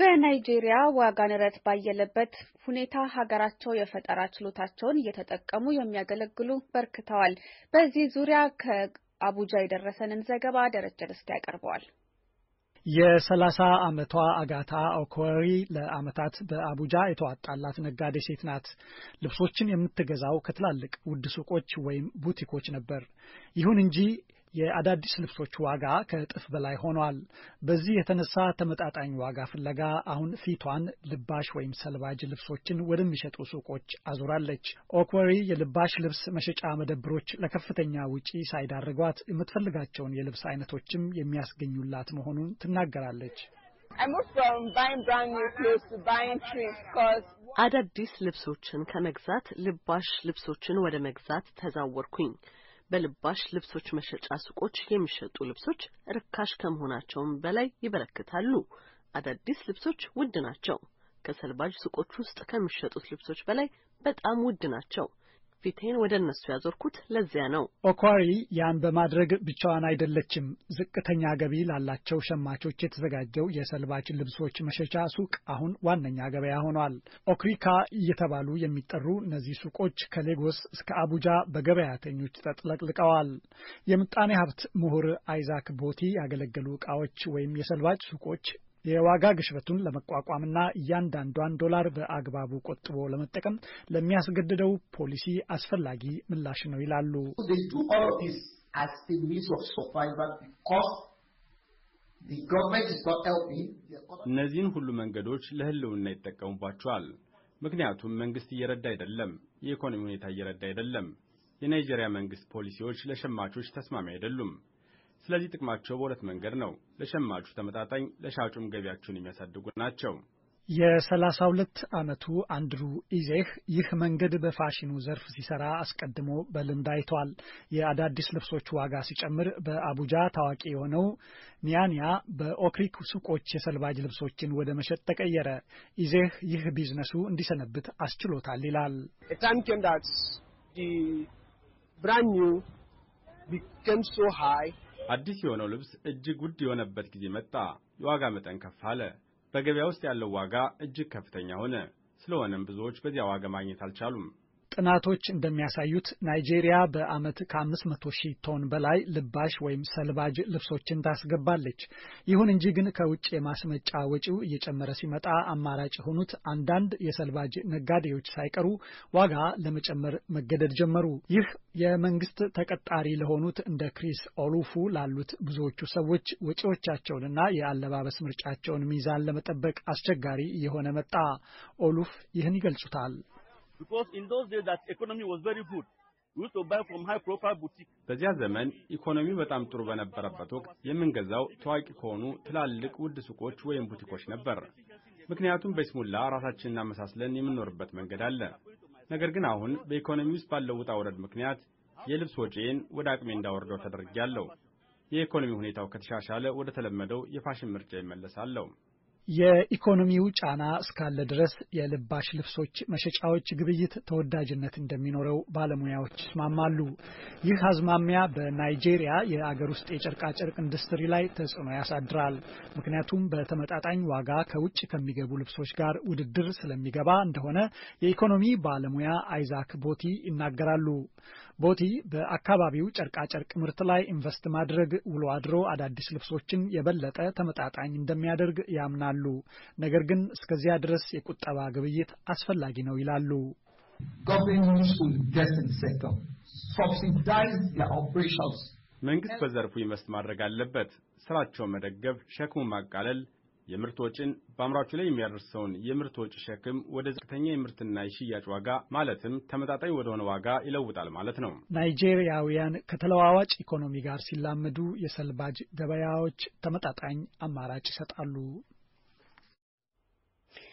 በናይጄሪያ ዋጋ ንረት ባየለበት ሁኔታ ሀገራቸው የፈጠራ ችሎታቸውን እየተጠቀሙ የሚያገለግሉ በርክተዋል። በዚህ ዙሪያ ከአቡጃ የደረሰንን ዘገባ ደረጀ ደስታ ያቀርበዋል የሰላሳ የ30 ዓመቷ አጋታ ኦኮሪ ለዓመታት በአቡጃ የተዋጣላት ነጋዴ ሴት ናት። ልብሶችን የምትገዛው ከትላልቅ ውድ ሱቆች ወይም ቡቲኮች ነበር። ይሁን እንጂ የአዳዲስ ልብሶች ዋጋ ከእጥፍ በላይ ሆኗል። በዚህ የተነሳ ተመጣጣኝ ዋጋ ፍለጋ አሁን ፊቷን ልባሽ ወይም ሰልባጅ ልብሶችን ወደሚሸጡ ሱቆች አዙራለች። ኦክወሪ የልባሽ ልብስ መሸጫ መደብሮች ለከፍተኛ ውጪ ሳይዳርጓት የምትፈልጋቸውን የልብስ አይነቶችም የሚያስገኙላት መሆኑን ትናገራለች። አዳዲስ ልብሶችን ከመግዛት ልባሽ ልብሶችን ወደ መግዛት ተዛወርኩኝ። በልባሽ ልብሶች መሸጫ ሱቆች የሚሸጡ ልብሶች ርካሽ ከመሆናቸውም በላይ ይበረክታሉ። አዳዲስ ልብሶች ውድ ናቸው። ከሰልባጅ ሱቆች ውስጥ ከሚሸጡት ልብሶች በላይ በጣም ውድ ናቸው። ፊቴን ወደ እነሱ ያዞርኩት ለዚያ ነው። ኦኳሪ ያን በማድረግ ብቻዋን አይደለችም። ዝቅተኛ ገቢ ላላቸው ሸማቾች የተዘጋጀው የሰልባጭ ልብሶች መሸጫ ሱቅ አሁን ዋነኛ ገበያ ሆኗል። ኦክሪካ እየተባሉ የሚጠሩ እነዚህ ሱቆች ከሌጎስ እስከ አቡጃ በገበያተኞች ተጥለቅልቀዋል። የምጣኔ ሀብት ምሁር አይዛክ ቦቲ ያገለገሉ ዕቃዎች ወይም የሰልባጭ ሱቆች የዋጋ ግሽበቱን ለመቋቋምና እያንዳንዷን ዶላር በአግባቡ ቆጥቦ ለመጠቀም ለሚያስገድደው ፖሊሲ አስፈላጊ ምላሽ ነው ይላሉ። እነዚህን ሁሉ መንገዶች ለህልውና ይጠቀሙባቸዋል። ምክንያቱም መንግስት እየረዳ አይደለም፣ የኢኮኖሚ ሁኔታ እየረዳ አይደለም። የናይጄሪያ መንግስት ፖሊሲዎች ለሸማቾች ተስማሚ አይደሉም። ስለዚህ ጥቅማቸው በሁለት መንገድ ነው። ለሸማቹ ተመጣጣኝ፣ ለሻጩም ገቢያቸውን የሚያሳድጉ ናቸው። የሰላሳ ሁለት ዓመቱ አንድሩ ኢዜህ ይህ መንገድ በፋሽኑ ዘርፍ ሲሰራ አስቀድሞ በልምድ አይቷል። የአዳዲስ ልብሶች ዋጋ ሲጨምር በአቡጃ ታዋቂ የሆነው ኒያኒያ በኦክሪክ ሱቆች የሰልባጅ ልብሶችን ወደ መሸጥ ተቀየረ። ኢዜህ ይህ ቢዝነሱ እንዲሰነብት አስችሎታል ይላል። ብራንድ ኒው ቢከም ሶ ሃይ አዲስ የሆነው ልብስ እጅግ ውድ የሆነበት ጊዜ መጣ። የዋጋ መጠን ከፍ አለ። በገበያ ውስጥ ያለው ዋጋ እጅግ ከፍተኛ ሆነ። ስለሆነም ብዙዎች በዚያ ዋጋ ማግኘት አልቻሉም። ጥናቶች እንደሚያሳዩት ናይጄሪያ በዓመት ከ500 ሺህ ቶን በላይ ልባሽ ወይም ሰልባጅ ልብሶችን ታስገባለች። ይሁን እንጂ ግን ከውጭ የማስመጫ ወጪው እየጨመረ ሲመጣ አማራጭ የሆኑት አንዳንድ የሰልባጅ ነጋዴዎች ሳይቀሩ ዋጋ ለመጨመር መገደድ ጀመሩ። ይህ የመንግስት ተቀጣሪ ለሆኑት እንደ ክሪስ ኦሉፉ ላሉት ብዙዎቹ ሰዎች ወጪዎቻቸውንና የአለባበስ ምርጫቸውን ሚዛን ለመጠበቅ አስቸጋሪ እየሆነ መጣ። ኦሉፍ ይህን ይገልጹታል። because in those days that economy was very good. በዚያ ዘመን ኢኮኖሚ በጣም ጥሩ በነበረበት ወቅት የምንገዛው ታዋቂ ከሆኑ ትላልቅ ውድ ሱቆች ወይም ቡቲኮች ነበር። ምክንያቱም በስሙላ ራሳችንን እናመሳስለን የምንኖርበት መንገድ አለ። ነገር ግን አሁን በኢኮኖሚ ውስጥ ባለው ውጣ ውረድ ምክንያት የልብስ ወጪን ወደ አቅሜ እንዳወርደው ተደርጌያለሁ። የኢኮኖሚ ሁኔታው ከተሻሻለ ወደ ተለመደው የፋሽን ምርጫ ይመለሳለሁ። የኢኮኖሚው ጫና እስካለ ድረስ የልባሽ ልብሶች መሸጫዎች ግብይት ተወዳጅነት እንደሚኖረው ባለሙያዎች ይስማማሉ። ይህ አዝማሚያ በናይጄሪያ የአገር ውስጥ የጨርቃጨርቅ ኢንዱስትሪ ላይ ተጽዕኖ ያሳድራል። ምክንያቱም በተመጣጣኝ ዋጋ ከውጭ ከሚገቡ ልብሶች ጋር ውድድር ስለሚገባ እንደሆነ የኢኮኖሚ ባለሙያ አይዛክ ቦቲ ይናገራሉ። ቦቲ በአካባቢው ጨርቃጨርቅ ምርት ላይ ኢንቨስት ማድረግ ውሎ አድሮ አዳዲስ ልብሶችን የበለጠ ተመጣጣኝ እንደሚያደርግ ያምናሉ። ይችላሉ። ነገር ግን እስከዚያ ድረስ የቁጠባ ግብይት አስፈላጊ ነው ይላሉ። መንግስት በዘርፉ ኢንቨስት ማድረግ አለበት። ስራቸውን መደገፍ፣ ሸክሙ ማቃለል፣ የምርት ወጪን በአምራቹ ላይ የሚያደርሰውን የምርት ወጪ ሸክም ወደ ዝቅተኛ የምርትና የሽያጭ ዋጋ ማለትም ተመጣጣኝ ወደሆነ ዋጋ ይለውጣል ማለት ነው። ናይጄሪያውያን ከተለዋዋጭ ኢኮኖሚ ጋር ሲላመዱ የሰልባጅ ገበያዎች ተመጣጣኝ አማራጭ ይሰጣሉ።